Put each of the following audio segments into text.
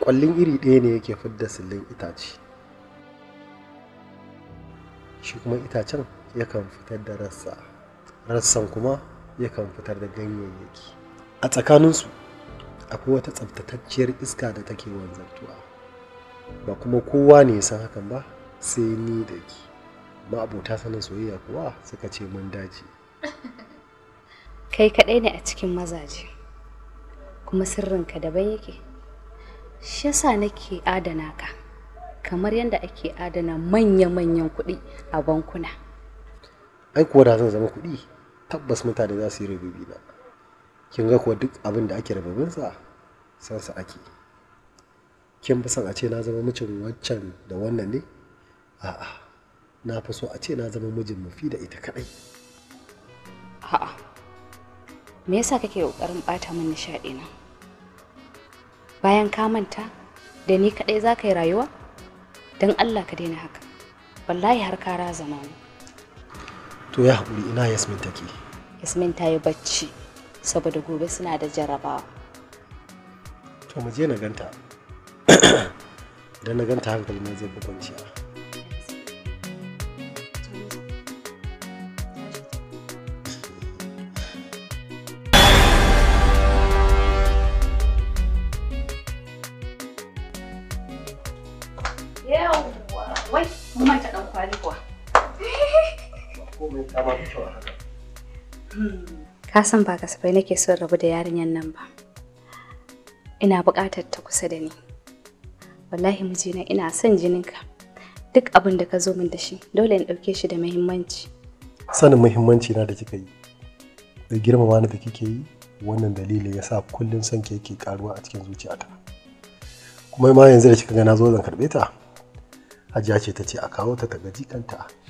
ƙwallin iri ɗaya ne yake fidda sillin itace shi kuma itacen yakan fitar da rassa rassan kuma yakan fitar da ganyayyaki a tsakaninsu akwai wata tsabtatacciyar iska da take wanzantuwa ba kuma kowa ne ya san hakan ba sai ni da ki ma'abota sanin soyayya kuwa suka ce mun dace kai kaɗai ne a cikin mazaje kuma sirrinka daban yake shi yasa nake adana ka kamar yadda ake adana manya-manyan kuɗi a bankuna ai kuwa da zan zama kuɗi tabbas mutane za su yi rububi na kin ga kuwa duk abin da ake rububinsa sa ake kin fi son a ce na zama mijin waccan da wannan ne a'a na fi so a ce na zama mijin mafi da ita kadai a'a me yasa kake kokarin bata min nishadi na bayan ka manta da ni kaɗai za ka yi rayuwa don allah ka daina haka wallahi har ka raza to ya haƙuri ina yasmin take yasmin ta yi bacci saboda gobe suna da jarabawa to mu je na ganta idan na ganta hankali na zai bi kwanciya kasan ba kasafai nake son rabu da yarinyan nan ba ina buƙatar ta kusa da ni wallahi mijina ina son jininka duk abin da ka zo min da shi dole in ɗauke shi da muhimmanci sanin muhimmanci na da kika yi da girmama da kike yi wannan dalili yasa sa kullum son ke yake karuwa a cikin zuciyata kuma ma yanzu da kika ga na zo zan karɓe ta hajiya ce ta ce a kawo ta ta gaji kanta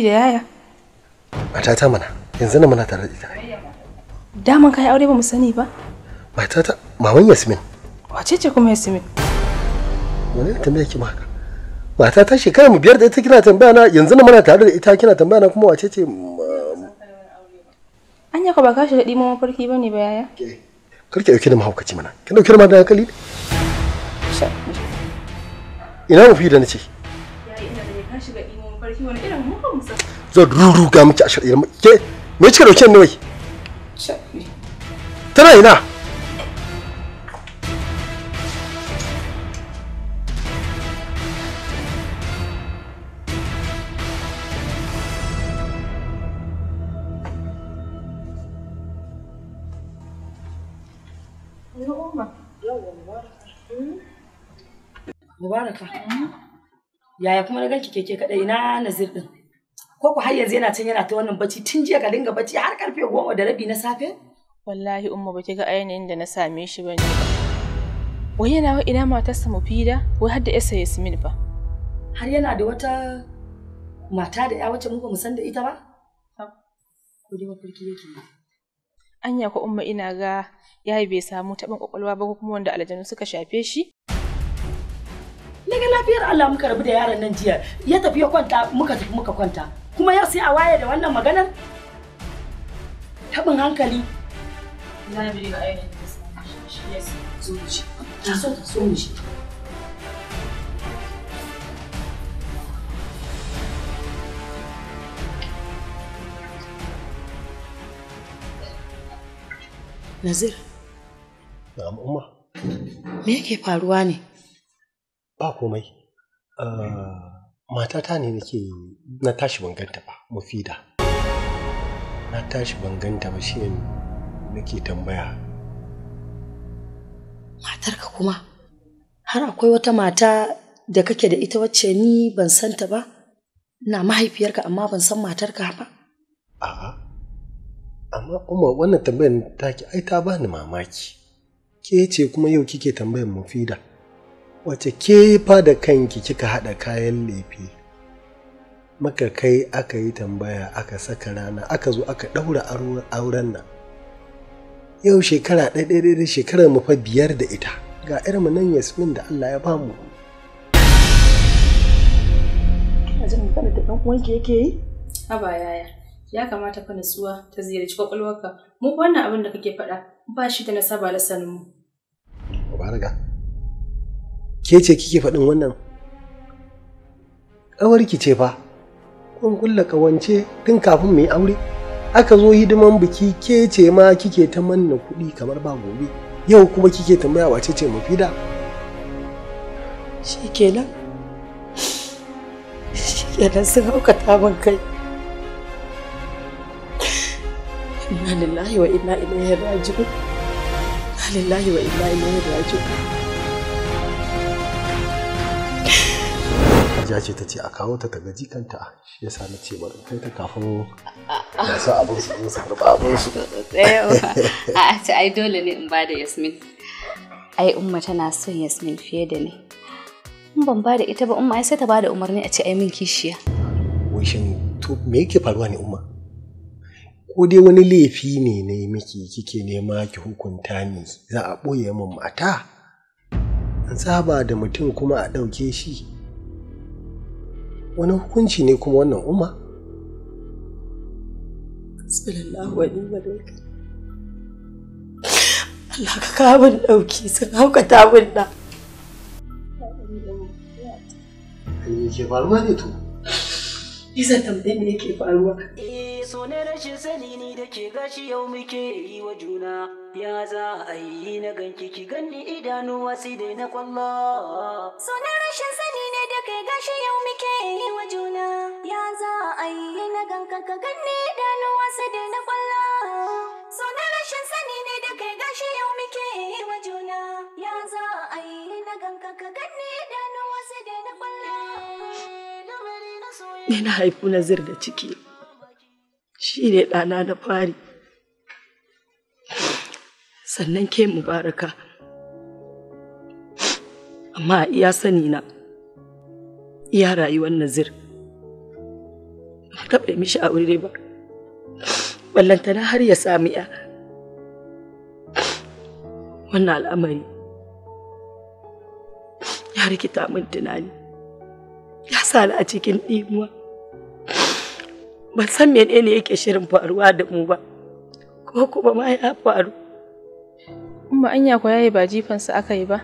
kifi da yaya? Matata mana, yanzu na muna tare da ita. Daman kai aure ba mu sani ba? Matata, maman Yasmin. Wace ce kuma Yasmin? Wani mai kima maka. Matata shekara mu biyar da ita kina tambaya na yanzu na muna tare da ita kina tambaya na kuma wace ce? Um, An yaka ba ka shi da farki ba ne ba yaya? Kar ki ɗauki da mahaukaci mana. Kin ɗauki da ma da hankali Ina mu fi da na ce? Yayi ina da ka shiga ɗimo farki wani zan ruruga miki a shirye ke me kika dauke ni wai tana ina Mubaraka. Yaya kuma na ganki keke kadai na Nazir din? ko ku har yanzu yana can yana ta wannan bacci tun jiya ka dinga bacci har karfe goma da rabi na safe wallahi umma ba ki ga ainihin da na same shi ba ne. wai yana wa ina matarsa mufida wai har da yasa yasmin ba har yana da wata mata da ya wacce mu ba mu san da ita ba ko dai mafarki yake anya ko umma ina ga yayi bai samu taɓin ƙwaƙwalwa ba ko kuma wanda aljanu suka shafe shi na ga lafiyar Allah muka rabu da yaron nan jiya ya tafi ya kwanta muka tafi muka kwanta kuma yau sai a waye da wannan maganar taɓin hankali Nazir. Na'am umma. Me yake faruwa ne? Ba komai. Uh... matata ne nake na tashi ban ganta ba mufida na tashi ban ganta ba shi nake tambaya matarka kuma har akwai wata mata da kake da ita wacce ni ban santa ba ina mahaifiyarka amma ban san matarka ba a'a amma kuma wannan tambayar taki ai ta bani mamaki ke ce kuma yau kike tambayar mufida wace ke fa da kanki kika haɗa kayan lefe maka kai aka yi tambaya aka saka rana aka zo aka ɗaura auren nan yau shekara ɗaya da shekarar mu fa biyar da ita ga irin nan yasmin da Allah ya ba mu yake yi? Haba yaya, ya kamata fa nutsuwa ta ziyarci kwakwalwarka. Mu wannan abin da kake faɗa ba shi da nasaba da sanin mu. Mubaraka. ke ce kike faɗin wannan ƙawarki ce fa kun kulla ƙawance tun kafin mu yi aure aka zo hidiman biki ke ce ma kike ta manna kuɗi kamar ba gobe yau kuma kike tambaya wace ce mafida shi kenan shi kenan sun hauka taban kai inna lillahi wa inna ilaihi raji'un inna lillahi wa inna ilaihi raji'un hajiya ce ta ce a kawo ta daga jikanta shi yasa na ce bari kai ta kafin da su abin su zo su karɓa abin su a ce ai dole ne in ba da yasmin ai umma tana son yasmin fiye da ni in ban bada ita ba umma ai sai ta bada umarni a ce ai min kishiya wai shin to me yake faruwa ne umma ko dai wani laifi ne ne miki kike nema ki hukunta ni za a ɓoye min mata an saba da mutum kuma a ɗauke shi wani hukunci ne kuma wannan umma Allah ka kawo min ɗauki sun haukata min da. Me ke faruwa ne to? Isa tambayi ne ke faruwa. Eh. so ne rashin sani ni da ke gashi yau muke yi wa juna ya za a yi na ganki ki ganni idanu sai dai na kwallo so ne rashin sani ne da ke gashi yau muke yi wa juna ya za a yi na ganka ka ganni idanu sai dai na kwallo so ne rashin sani ne da ke gashi yau muke yi wa juna ya za a yi na ganka ka ganni idanu sai dai na kwallo eh, Ina haifu Nazir da ciki. shi ne ɗana na fari sannan ke mubaraka amma iya sani na iya rayuwar nazir ba taɓa mishi aure ba ballantana har ya sami ya wannan al'amari ya rikita min tunani ya sa a cikin ɗimuwa ban san menene yake shirin faruwa da mu ba ko kuma ma ya faru kuma anya ko yayi ba jifansa aka yi ba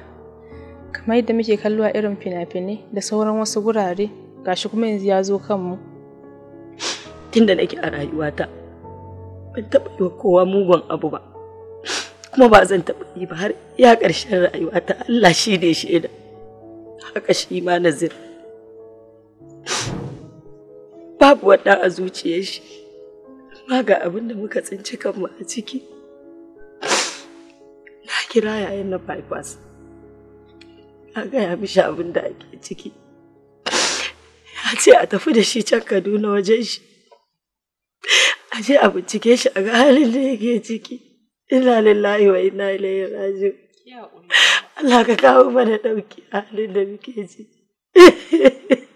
kamar yadda muke kallo irin fina-finai da sauran wasu gurare gashi kuma yanzu ya zo kanmu tunda nake a rayuwata ban taɓa yi wa kowa mugun abu ba kuma ba zan taɓa yi ba har ya ƙarshen rayuwata Allah shi ne shaida haka shi ma nazir babu wata a zuciyar shi amma ga abin da muka tsinci kanmu a ciki na kira yayin na bypass na gaya mishi abin da ake ciki ya ce a tafi da shi can kaduna wajen shi a je a bincike shi a ga halin da yake ciki ina lillahi wa ina ilaihi Allah ka kawo mana ɗauki halin da muke ciki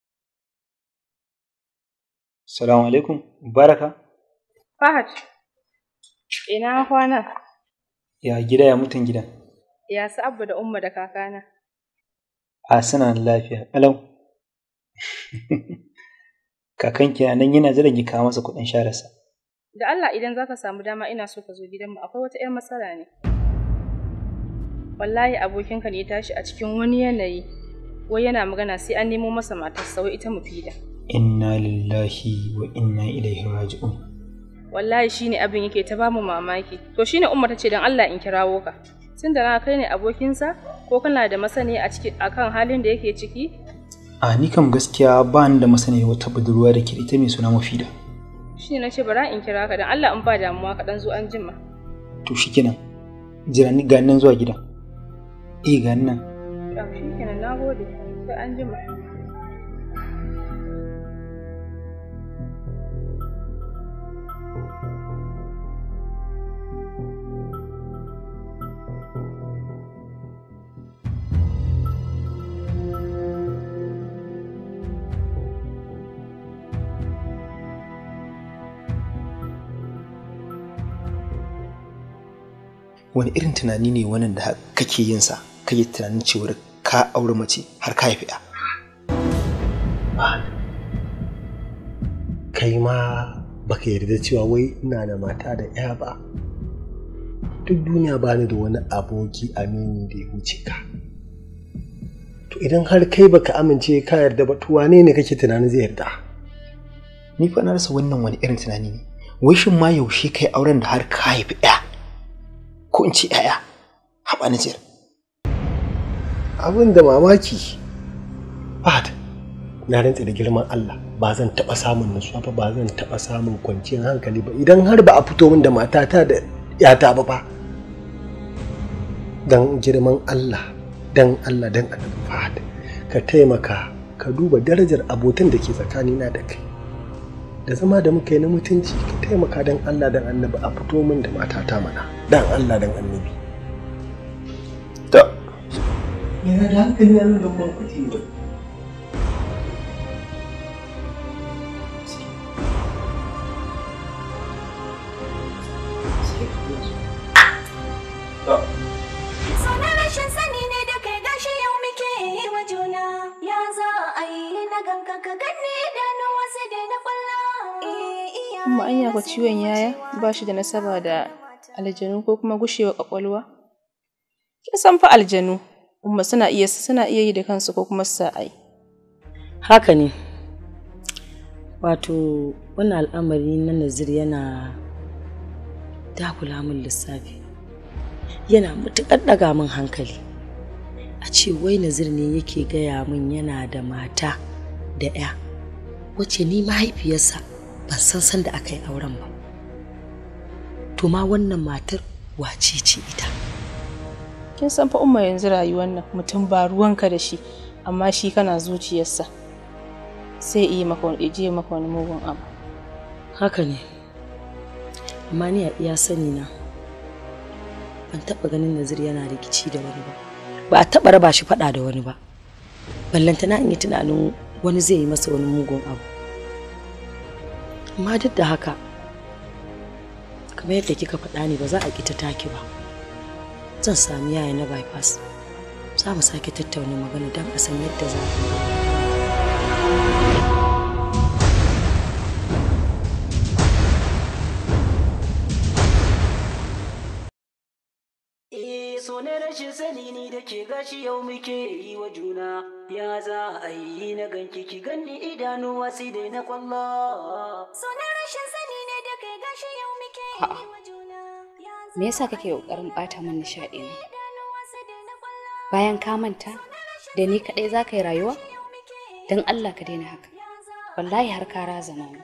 Salamu alaikum, baraka. Fahad, ina kwana? Ya gida ya mutun gidan. Ya su abu da umma da kakana. A suna lafiya, Kakan kina nan yana zira gika masa kuɗin shararsa. Da Allah idan za ka samu dama ina so ka zo gidanmu akwai wata 'yar matsala ne. Wallahi abokinka ne ya tashi a cikin wani yanayi, wai yana magana sai an nemo masa matar sau ita da. inna lillahi wa inna ilaihi raji'un wallahi shine abin yake ta bamu mamaki to shine umma tace dan Allah in kirawo ka tun da na kai ne abokinsa ko kana da masani a ciki akan halin da yake ciki a ni kam gaskiya ba ni da masani wata budurwa da ke ita mai suna mafida shine nace bara in kira ka dan Allah in ba damuwa ka dan zo an jima to shikenan jira ni ga nan zuwa gida eh ga nan shikenan nagode sai an jima wani irin tunani ne wannan da kake yin sa kake tunanin cewar ka aure mace har ka haifi kai ma baka yarda cewa wai ina da mata da ya ba duk duniya ba ni da wani aboki amini da ya wuce ka to idan har kai baka amince ka yarda ba to wane ne kake tunanin zai yarda ni fa na rasa wannan wani irin tunani ne wai shin ma yaushe kai auren da har ka haifi ɗaya ko in ce yaya a Abin da mamaki fad na rantse da girman Allah ba zan taɓa samun nutsuwa ba ba zan taba samun kwanciyar hankali ba idan har ba a fito min da matata da yata ba ba. Dan girman Allah dan Allah dan ka taimaka ka duba darajar abotan da ke tsakanina da kai. da zama da muka yi na mutunci ka taimaka don Allah don annabi a fito min da matata mana don Allah don annabi. To. Yana da hankali na nuna ban kuɗi ba. ba shi da nasaba da aljanu ko kuma gushewa kwakwalwa? Kin san fa aljanu, umma suna iya suna iya yi da kansu ko kuma ai. Haka ne. Wato wani al'amari na nazir yana dakula min lissafi. Yana matuƙar ɗaga min hankali. A ce wai nazir ne yake gaya min yana da mata da 'ya. Wace ni mahaifiyarsa ban san san da aka yi auren ba. to ma wannan matar wace ce ita kin san fa umma yanzu rayuwar nan mutum ba ruwanka da shi amma shi kana zuciyarsa sai iya maka wani je maka wani mugun abu haka ne amma ni a iya sani na ban taba ganin Nazir yana rikici da wani ba ba a taba raba shi fada da wani ba na in yi tunanin wani zai yi masa wani mugun abu amma duk da haka kamar yadda kika faɗa ne ba za a ta taki ba zan sami yaya na bypass za mu sake tattauna magana don a san yadda za a eh, ne sani ne da ke gashi yau muke yi wa juna ya za a yi na ganki ki gani idanuwa sai dai na kwallo. So rashin sani ne da ke gashi yau muke me yasa kake ƙoƙarin ɓata min nishaɗi na bayan ka manta da ni kaɗai za ka yi rayuwa don allah ka daina haka wallahi har ka raza mana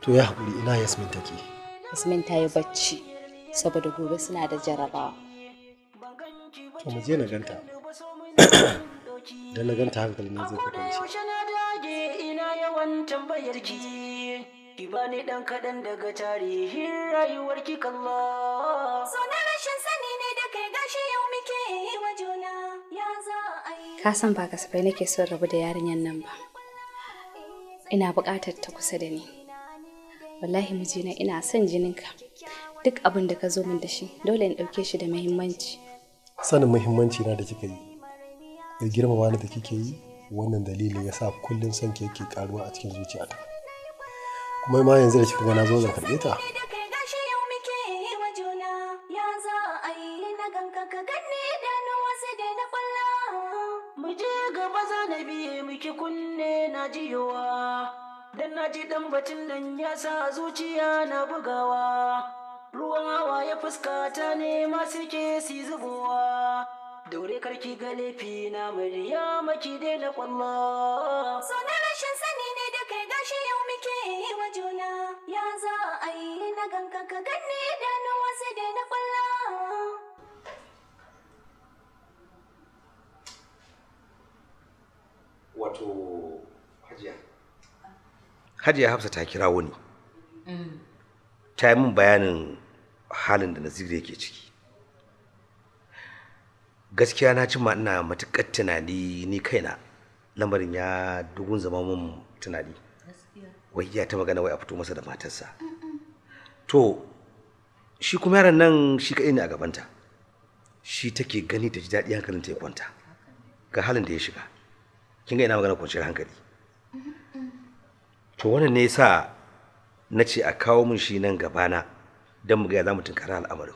to ya haƙuri ina yasmin take yasmin ta yi bacci saboda gobe suna da jarabawa to mu je na ganta dan na ganta hankali na zai fito ina yawan tambayar ki bani dan kaɗan daga tarihin rayuwar ki kalla. So na rashin sani ne da kai gashi yau muke yi wa juna ya za a yi. Ka san ba kasafai nake son rabu da yarinyar nan ba. Ina buƙatar ta kusa da ni. Wallahi mijina ina son jininka. Duk abin da ka zo min da shi dole in ɗauke shi da muhimmanci. Sanin muhimmanci na da kika yi. Da girmama da kike yi wannan dalilin ya sa kullum son ke karuwa a cikin zuciyata. kuma ma yanzu da kika ga na zo zan karɓe ta Dan na ji dan batun nan ya sa zuciya na bugawa, ruwa ya fuskata ne masu ke si zubowa. Daure karki ga laifi na murya maki daina kwallo. na ganka ka ganni wasu da na kwallo. wato hajiya hajiya hafsa ta kira wani mm. ta yi min bayanin halin da nazir yake ciki gaskiya na cimma ina matuƙar tunani ni kaina lamarin ya dugun zama mun tunani wai ya ta magana wai a fito masa da matarsa mm. to shi kuma yaron nan shi kaɗai ne a gabanta shi take gani ta ji daɗi hankalin ta ya kwanta ga halin da ya shiga kin ga ina magana kwanciyar hankali to wannan ne sa na ce a kawo min shi nan gabana don mu gaya za mu tunkara al'amarin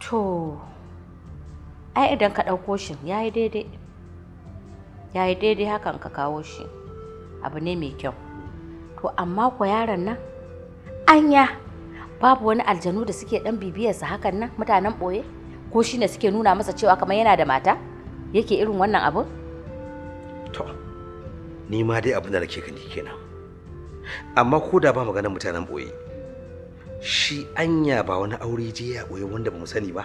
to ai idan ka ɗauko shi ya yi daidai ya yi daidai hakan ka kawo shi abu ne mai kyau to amma ko yaron nan anya babu wani aljanu da suke dan bibiyarsa hakan nan mutanen boye ko shi ne suke nuna masa cewa kamar yana da mata yake irin wannan abu to ni ma dai abin da nake gani kenan amma ko da ba maganar mutanen ɓoye shi anya ba wani aure je ya boye wanda ba mu sani ba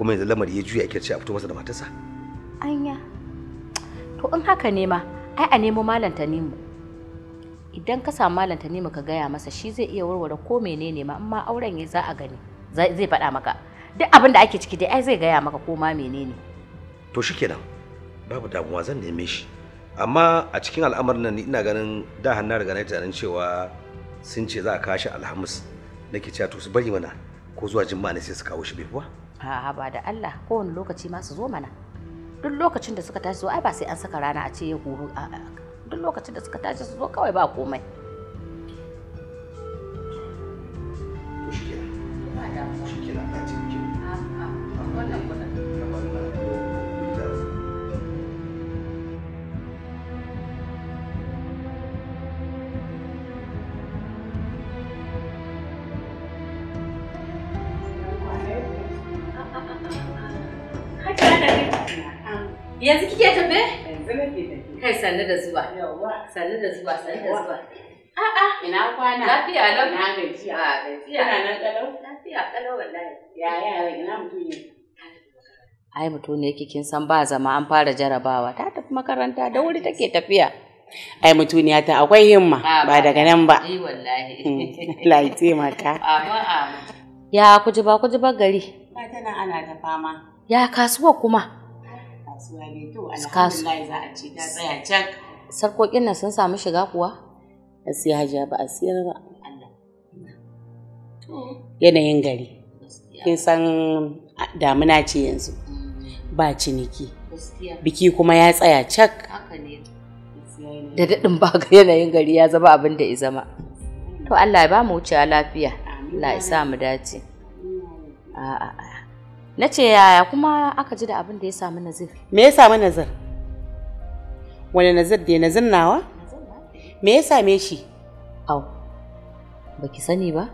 kuma yanzu lamari ya juya yake ce a fito masa da matarsa anya to in haka ne ma ai a nemo malam ta nemo idan ka samu malam Tanimu ka gaya masa shi zai iya warware ko menene ma amma auren ya za a gani zai faɗa maka duk abin da ake ciki dai ai zai gaya maka ko ma menene to shikenan babu damuwa zan neme shi amma a cikin al'amarin nan ina ganin da hannu riga na tunanin cewa sun ce za a kawo alhamis nake cewa to su bari mana ko zuwa jimma ne sai su kawo shi bai kuwa a'a ba da Allah kowane lokaci ma su zo mana duk lokacin da suka tashi zo ai ba sai an saka rana a ce ya gobe duk lokacin da suka tashi su zo kawai ba komai sannu da zuwa. Sannu da zuwa, sannu da zuwa. A'a. Ina kwana. Lafiya lau. Ina gajiya. A gajiya. Ina nan kalau. Lafiya kalau wallahi. Ya ya ina mutum ne. Ai mutum ne yake kin san ba zama an fara jarabawa ta tafi makaranta da wuri take tafiya. Ai mutuniya ta akwai himma ba daga nan ba. Ai wallahi. Hmm. Lai taimaka. Amma amma. Ya kujiba kujiba gari. Ba tana ana ta fama. Ya kasuwa kuma. kasuwa ne to alhamdulillah za a ce ta tsaya sarkokin nan sun samu shiga kuwa a sai hajiya ba a siyar ba yanayin gari kin san damuna ce yanzu mm. ba ciniki biki kuma ya tsaya cak da daɗin ga yanayin gari ya zama abin da ya zama to Allah ya ba mu wuce lafiya Allah ya sa mu dace Na ce yaya kuma aka ji da abin da ya samu Nazir? Me ya samu Nazir? Wani Nazir da Nazir nawa? Me ya same shi? Au, baki sani ba?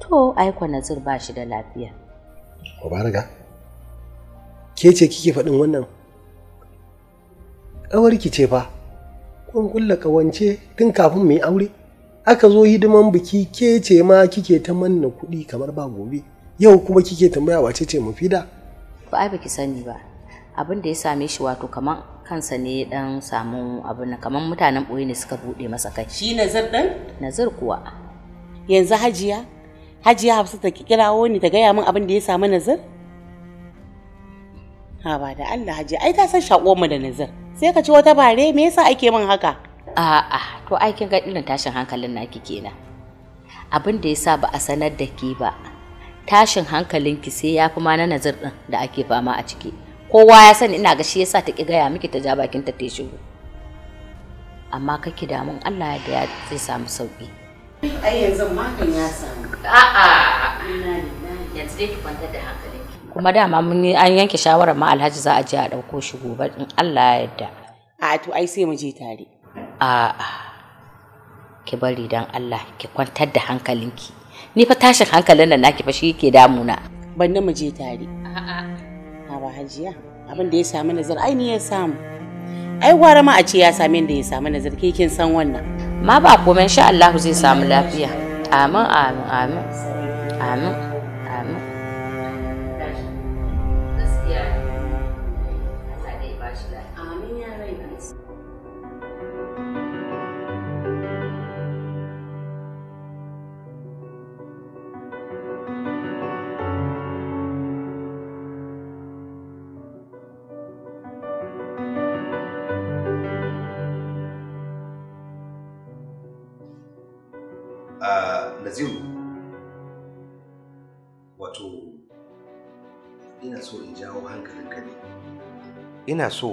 To, aiko Nazir ba shi da lafiya. Mubaraga, ke ce kike faɗin wannan? Ƙawarki ce fa, kun kulla ƙawance tun kafin mu yi aure? aka zo hidiman biki ke ce ma kike ta manna kuɗi kamar ba gobe yau kuma kike tambaya wace ce da. ba ai baki sani ba abin da ya same shi wato kamar kansa ne dan samu abin na kamar mutanen boye ne suka bude masa kai shi nazar dan nazar kuwa yanzu hajiya hajiya hafsa ta kirawo ni ta gaya min abin da ya samu nazar ha ba da Allah hajiya ai ta san shakuwar mu da nazar sai ka ci wata bare me yasa ake min haka a'a to ai kin ga irin tashin hankalin naki kenan abin da yasa ba a sanar da ke ba tashin hankalinki sai ya fi ma na nazar din da ake fama a ciki kowa ya sani ina ga shi yasa ta ki gaya miki ta ja bakin ta ta shigo amma kake damun Allah ya daya zai samu sauki ai yanzu makan ya samu a'a yanzu dai ki kwantar da hankalinki kuma dama mun an yanke shawarar ma Alhaji za a je a dauko shi gobe in Allah ya yarda a'a to ai sai mu je tare a'a ki bari dan Allah ki kwantar da hankalinki ni fa tashin hankalin nan naki fa shi yake damuna ban mu je tare a'a ha ba hajiya abin da ya samu nazar ai ni ya samu ai gwara ma a ce ya same da ya samu nazar ke kin san wannan ma ba komai insha Allah zai samu lafiya amin amin amin amin hankalinka ne ina so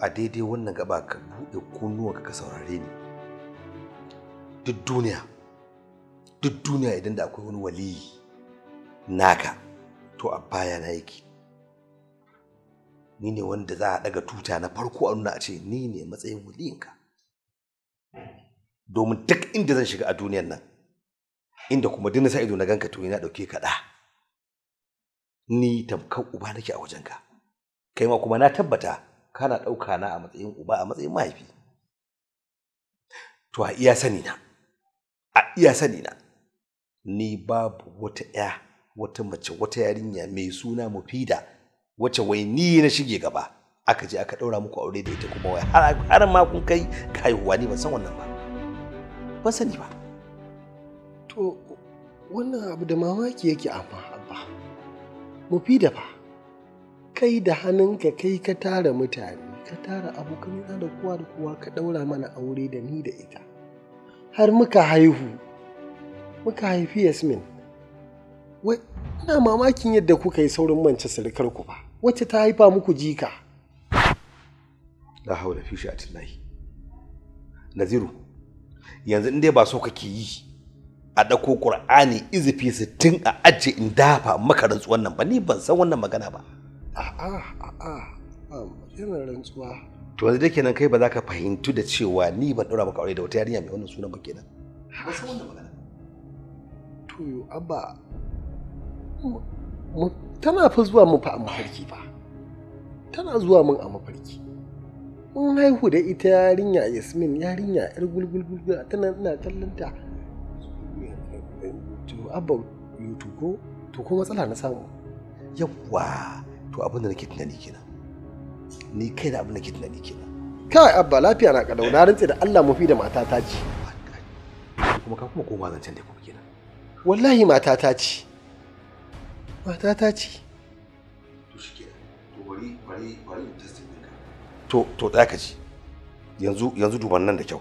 a daidai wannan gaba ka buɗe kunnuwanka ka saurare ni duk duniya duk duniya idan da akwai wani waliyi naka to a baya na yake ni ne wanda za a daga tuta na farko a nuna a ce ni ne matsayin waliyinka domin duk inda zan shiga a duniyar nan inda kuma duk na sa ido na ganka to yana dauke ka da ni tamkar uba nake a wajenka kai ma kuma na tabbata kana ɗauka na a matsayin uba a matsayin mahaifi to a iya sani na a iya sani na ni babu wata ya wata mace wata yarinya mai suna mufida wacce wai ni na shige gaba aka je aka ɗaura muku aure da ita kuma wai har ma kun kai kai haihuwa ni ban san wannan ba ban sani ba to wannan abu da mamaki yake amma mufi da fa kai da hannunka kai ka tara mutane ka tara yana da kowa da kowa ka ɗaura mana aure da ni da ita har muka haihu muka haifi yasmin wai ina mamakin yadda kuka yi saurin mance sarkar ku ba wacce ta haifa muku jika la haula fi naziru yanzu in dai ba so kake yi a ɗauko ƙur'ani izifi sittin a ajiye in dafa maka rantsuwan nan ba ni ban san wannan magana ba a'a a'a yana rantsuwa to yanzu dai kenan kai ba za ka fahimtu da cewa ni ban ɗora maka aure da wata yarinya mai wannan sunan ba kenan ba san wannan magana to abba tana fa zuwa mu fa a mafarki fa tana zuwa mun a mafarki mun haihu da ita yarinya yasmin yarinya yar gulgulgulgul tana ina kallon ta to abba to ko to ko matsala na samu yawwa to abin da nake tunani kenan ni kai da abin da nake tunani kenan kai abba lafiya na kalau na rantse da Allah mafi da ta ci kuma ka kuma koma zancen da kuma kenan wallahi ci mata ta ci to shike to bari bari bari mu to to da ka ji yanzu yanzu duban nan da kyau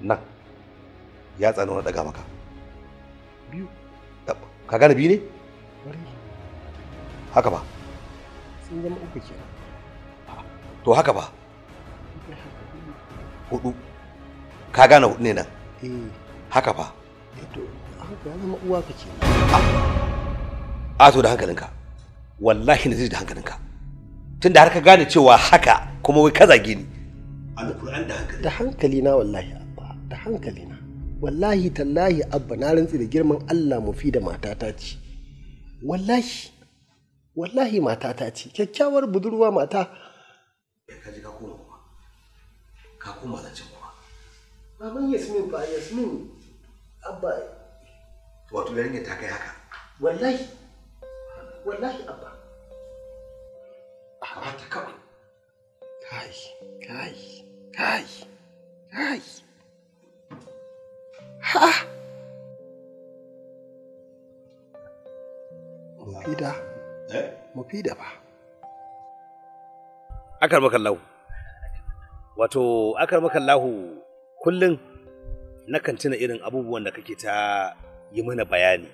nan ya tsano na daga maka biyu ka gane biyu ne haka ba sun zama uku ke to haka ba hudu ka gane hudu ne nan eh. haka ba eh, to haka zama uwa ka ke ah. a to da hankalinka wallahi na zai da hankalinka tunda har ka gane cewa haka kuma wai ka zage ni da hankali na wallahi da hankali na wallahi tallahi abba na rantsi da girman Allah fi da matata ce wallahi wallahi matata ce kyakkyawar budurwa mata ka ji ka koma kuma ka koma da cin kuma baban yasmin ba yasmin abba wato yarinya ta kai haka wallahi wallahi abba a ta kawai kai kai kai kai Ha! Mufida? Eh? Mufida Akar Wato, akar lahu kullum nakan tuna irin abubuwan da kake ta yi mana bayani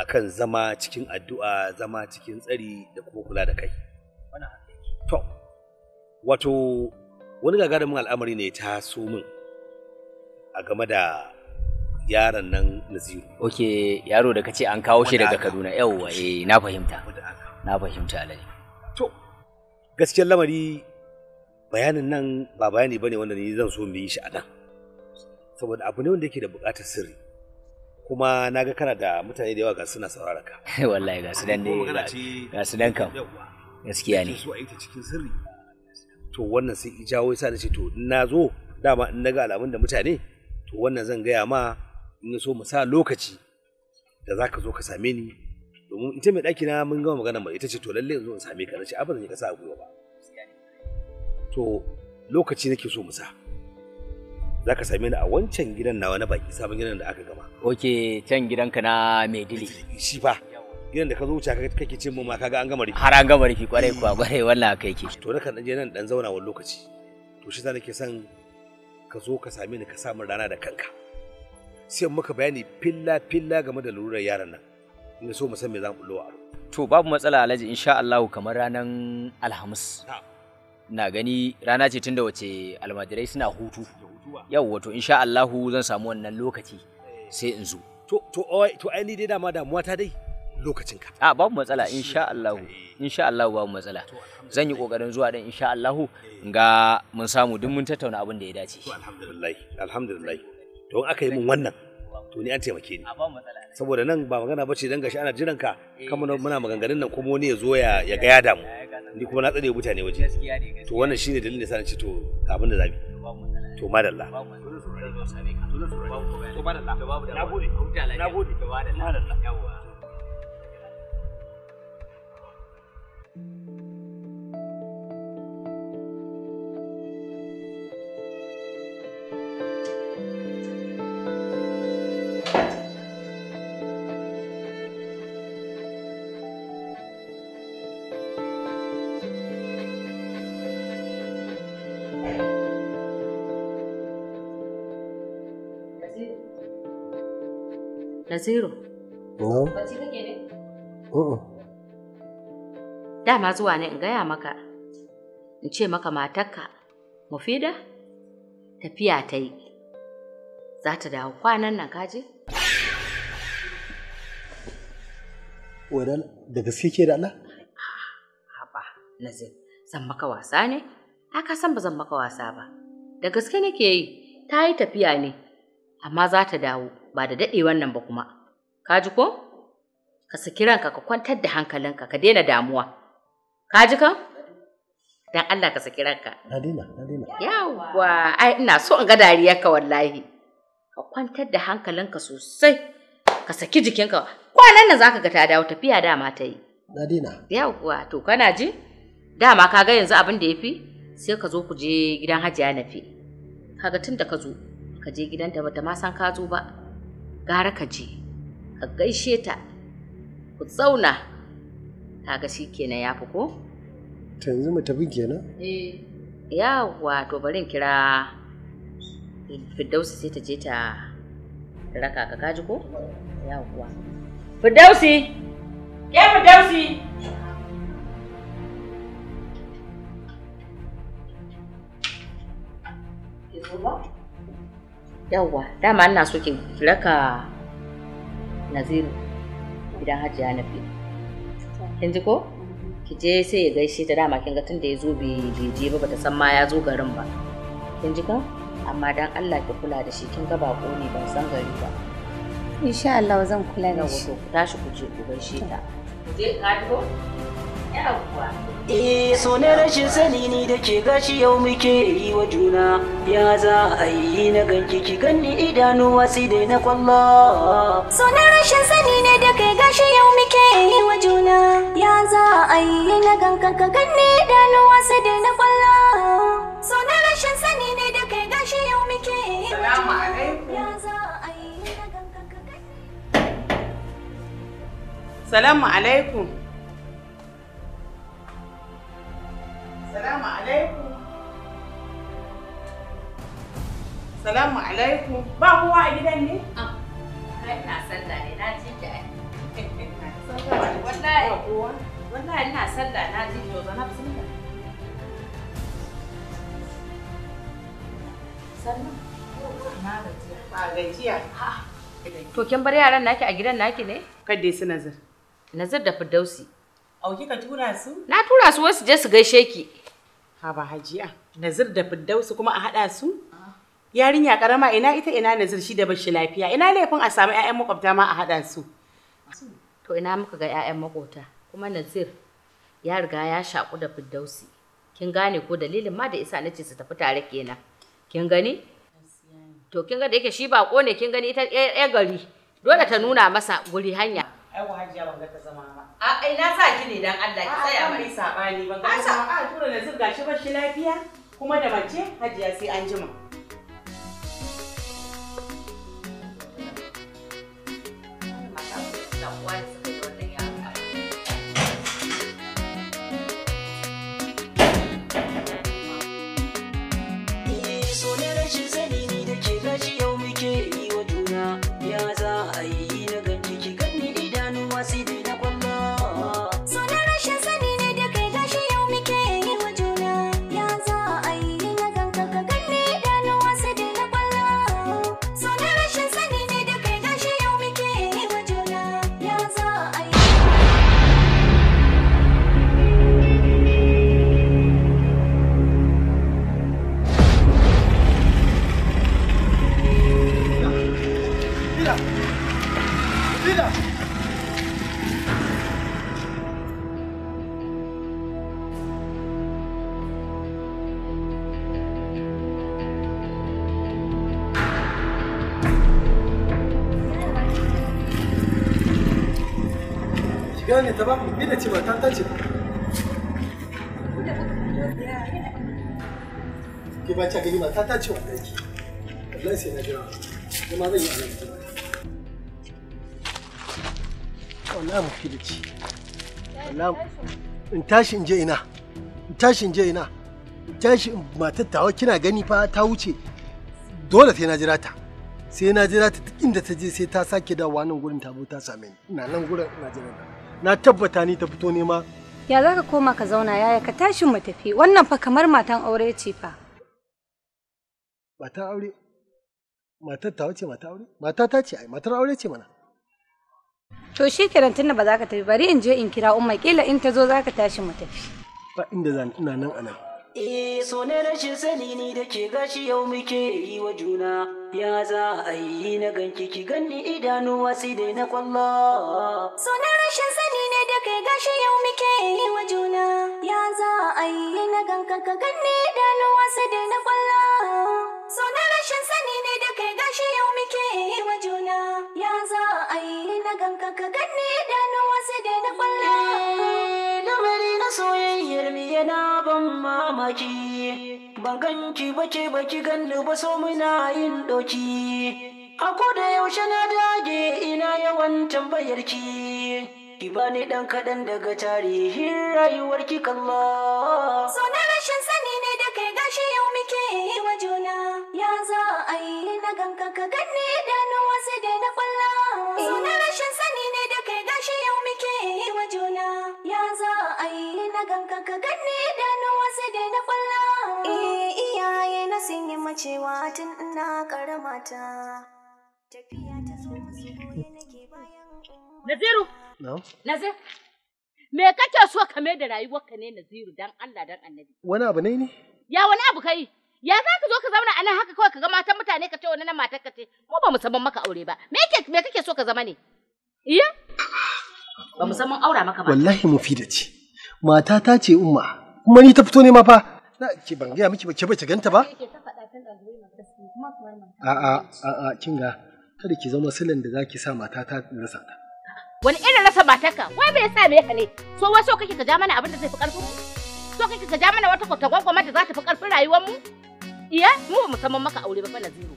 akan zama cikin addu'a, zama cikin tsari da kuma kula da kai. To, wato, wani gagarumin al'amari ne ta so min a game da yaron nan Naziru. Ok, yaro da kace an kawo shi daga Kaduna. yauwa eh na fahimta. Na fahimta alai. To, gaskiyar lamari bayanin nan ba bayani bane wanda ni zan so mu yi shi a nan. Saboda abu ne wanda yake da buƙatar sirri. Kuma na ga kana da mutane da yawa ga suna saurara ka. Wallahi ga su dan ne. Ga su dan kam. Gaskiya ne. Su a yi ta cikin sirri. To wannan sai i jawo yasa na ce to na zo dama in na ga alamun da mutane to wannan zan gaya ma in so mu sa lokaci da za ka zo ka same ni domin ita mai ɗaki na mun gama magana mai ita ce to lalle in zo in same ka na ce abin zan yi sa a gwiwa ba to lokaci nake so mu sa za ka same ni a wancan gidan nawa na baki sabon gidan da aka gama ok can gidanka na mai dili shi fa gidan da ka zo wuce kake ce mu ma kaga an gama rufi har an gama rufi kwarai kuwa kwarai eh. wallahi kai ke to nakan kan je nan dan zauna wani lokaci to shi za nake son ka zo ka same ni ka samu rana da kanka sai muka bayani filla filla game da lurar yaran nan in so mu san me za mu bullo to babu matsala alhaji insha Allah kamar ranar alhamis na gani rana ce tunda wace almajirai suna hutu yau wato insha Allah zan samu wannan lokaci sai in zo to to oh, to ai ni dai dama damuwa ta dai lokacin ka a babu matsala insha Allah eh. insha Allah babu matsala zan yi kokarin zuwa dan insha Allah eh. ga mun samu duk mun tattauna abin da ya dace to alhamdulillah alhamdulillah to in aka yi min wannan to ni an taimake ni saboda nan ba magana bace dan gashi ana jiran ka eh, kama muna maganganun nan kuma wani ya zo ya ya ga ya damu ni kuma na tsare mutane waje to wannan shine dalilin da sa na ce to kafin abin da zabi to madalla to madalla nagode nagode madalla yawa Naziru. No. Bacci kake ne? Dama zuwa ne in gaya maka, in ce maka matarka, Mufida, tafiya ta yi, za ta dawo kwanan nan kaji? Wadal, da gaske ke da Allah? Haba, Nazir, zan maka wasa ne? Haka san ba zan maka wasa ba. Da gaske ke yi, ta yi tafiya ne, amma za ta dawo ba da daɗewan nan ba kuma ka ji ko ka saki ranka ka kwantar da hankalinka ka daina damuwa ka ji kan dan Allah ka saki ranka na daina na daina yawa ai ina so in ga dariyarka wallahi ka kwantar da hankalinka sosai ka saki jikinka kwanan nan zaka ga ta dawo tafiya dama ta yi na daina yawa to kana ji dama ka ga yanzu abin da yafi sai ka zo ku je gidan Hajiya Nafi kaga tun da ka zo ka je gidanta bata ma san ka zo ba gara ka je ka gaishe ta ku tsauna ga shi kenan ya fi ko Ta yanzu mu tafi kenan eh yawa to bari in kira Fidausi sai ta je ta raka ka kaji ko yawa Fidausi ke Fidausi yawwa dama ina so ki raka naziru idan hajiya ya nafi kin ji ko ki je sai ya gaishe ta dama kin ga tunda ya zo bai je ba bata san ma ya zo garin ba kin ji ka amma dan Allah ki kula da shi kin ga bako ne ban san gari ba insha Allah zan kula da shi ku tashi ku je ku gaishe ta je ka ko Eh so ne rashin sani ni da ke gashi yau muke yi wa juna ya za a yi na ganki ki ganni idanu wasi dai na kwallo. So ne rashin sani ne da ke gashi yau muke yi wa juna ya za a yi na ganka ka ganni idanu wasi dai na kwallo. So ne rashin sani ne da ke gashi yau muke yi wa juna ya za a yi na ganka ka ganni. Salamu alaikum. Salamu alaikum. Assalamu alaikum. Ba kowa a gidan ne? Ah, ina sallah ne, na ji ki ai. Wallahi. Wallahi ina sallah na ji ki yanzu na bismillah. Sallah. Na gaji. Ba gajiya. To kin bar yaran naki a gidan naki ne? dai su nazar. Nazar da Firdausi. Auki ka tura su? Na tura su wasu je su gaishe ki. Haba hajiya, Nazir da Firdausu kuma a haɗa su? Yarinya karama ina ita ina Nazir shi da bashi lafiya, ina laifin a samu 'ya'yan makwabta ma a haɗa su. To ina muka ga 'ya'yan makwabta, kuma Nazir ya riga ya shaƙu da Firdausi. Kin gane ko dalilin ma da isa na ce su tafi tare kenan. Kin gani? To kin ga da yake shi ba ne kin gani ita 'yar gari. Dole ta nuna masa guri hanya. Ai hajiya ban ga ta zama A ina sa ki ne dan Allah ki tsaya mai sabani ba. A sa a tura Nazir gashi ba lafiya kuma da mace Hajiya sai an jima. ke ba ta gani ba ta tace wa daki wallahi yi anan jira wallahi in tashi in ina in tashi in ina in tashi in matar tawa kina gani fa ta wuce dole sai na jira ta sai na jira ta inda ta je sai ta sake dawowa nan gurin ta ta same ni ina nan gurin ina jira ta na tabbata ni ta fito nema ya za ka koma ka zauna yaya ka tashi mu tafi wannan fa kamar matan aure ce fa matar aure matar ta wuce mata aure mata ta ce ai matar aure ce mana to shi kiran tunda ba za ka tafi bari in je in kira umma kila in ta zo za ka tashi mu tafi ba inda zan ina nan anan eh so ne rashin sani ni da ke gashi yau muke yi wa juna ya za a yi na ganki ki ganni idanuwa sai dai na kwallo so ne rashin sani ne da ke gashi yau muke yi wa juna ya za a yi na ganka ka ganni idanuwa sai dai na kwallo So rashin sani ne da kai gashi yau muke yi wa juna. Ya za a yi na ganka ka ganni idanu wasu da na kwalla. Eh, lamari na soyayyar mi yana ban mamaki. Ban ganki bace baki ganni ba so muna yin ɗoki. A da yaushe na dage ina yawan tambayarki. ki. bani ɗan kaɗan daga tarihin rayuwarki kalla. na ganka ka ganni idanun wasu da na kwalla so na rashin sani ne da kai gashi yau muke yi wa juna ya za a yi na ganka ka ganni idanun wasu da na kwalla eh, iyaye na sun yi macewa tun ina karamata tafiya ta zo musu koyi nake bayan Naziru Nazir me kake so ka mai da rayuwarka ne Naziru dan Allah dan Annabi wani abu ne ne ya wani abu kai Ya za ka zo ka zauna a nan haka kawai ka ga matan mutane ka ce wani na matar ka ce mu ba mu san maka aure ba. Me yake me kake so ka zama ne? Iya? Ba mu san aura maka ba. Wallahi mu da ce. Mata ta ce umma kuma ni ta fito ne ma fa. Na ke ban ga miki ba ke ba ta ganta ba? A'a a a kinga kada ki zama silin da zaki sa mata ta rasa ta. Wani irin rasa matarka? Wai bai sa me ka ne? So wai so kake ka ja mana abin da zai fi karfin mu? So kake ka ja mana wata kwatagwagwama da za ta fi karfin rayuwar mu? Iya, mu ba mu musamman maka aure ba fa Naziru.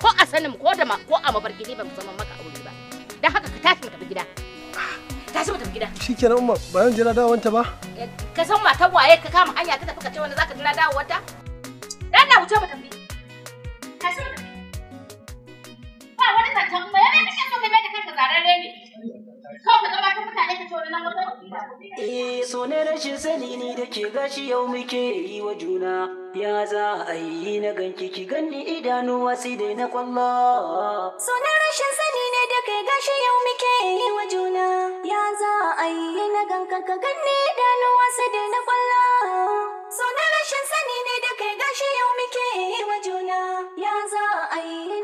Ko a sanin ko da ma ko a mafarki ne ba mu musamman maka aure ba. Dan haka ka tashi mu tafi gida. Tashi mu tafi gida. Shikenan umma, ba zan jira dawowanta ba. Eh, ka san matar waye ka kama hanya ta tafi ka ce wanda zaka jira dawowarta? Dan na wuce mu tafi. Tashi mu tafi. Ba wani zancen ba, yana kake so ka mai da kanka zararre ne. Eh so ne rashin sani ni da ke gashi yau muke yi wa juna ya za a yi na ganki ki ganni idanuwa sai dai na kwallo. So ne rashin sani ne da ke gashi yau muke yi wa juna ya za a yi na ganka ka ganni idanuwa sai dai na kwallo. So ne rashin sani ne da ke gashi yau muke yi wa juna ya za a yi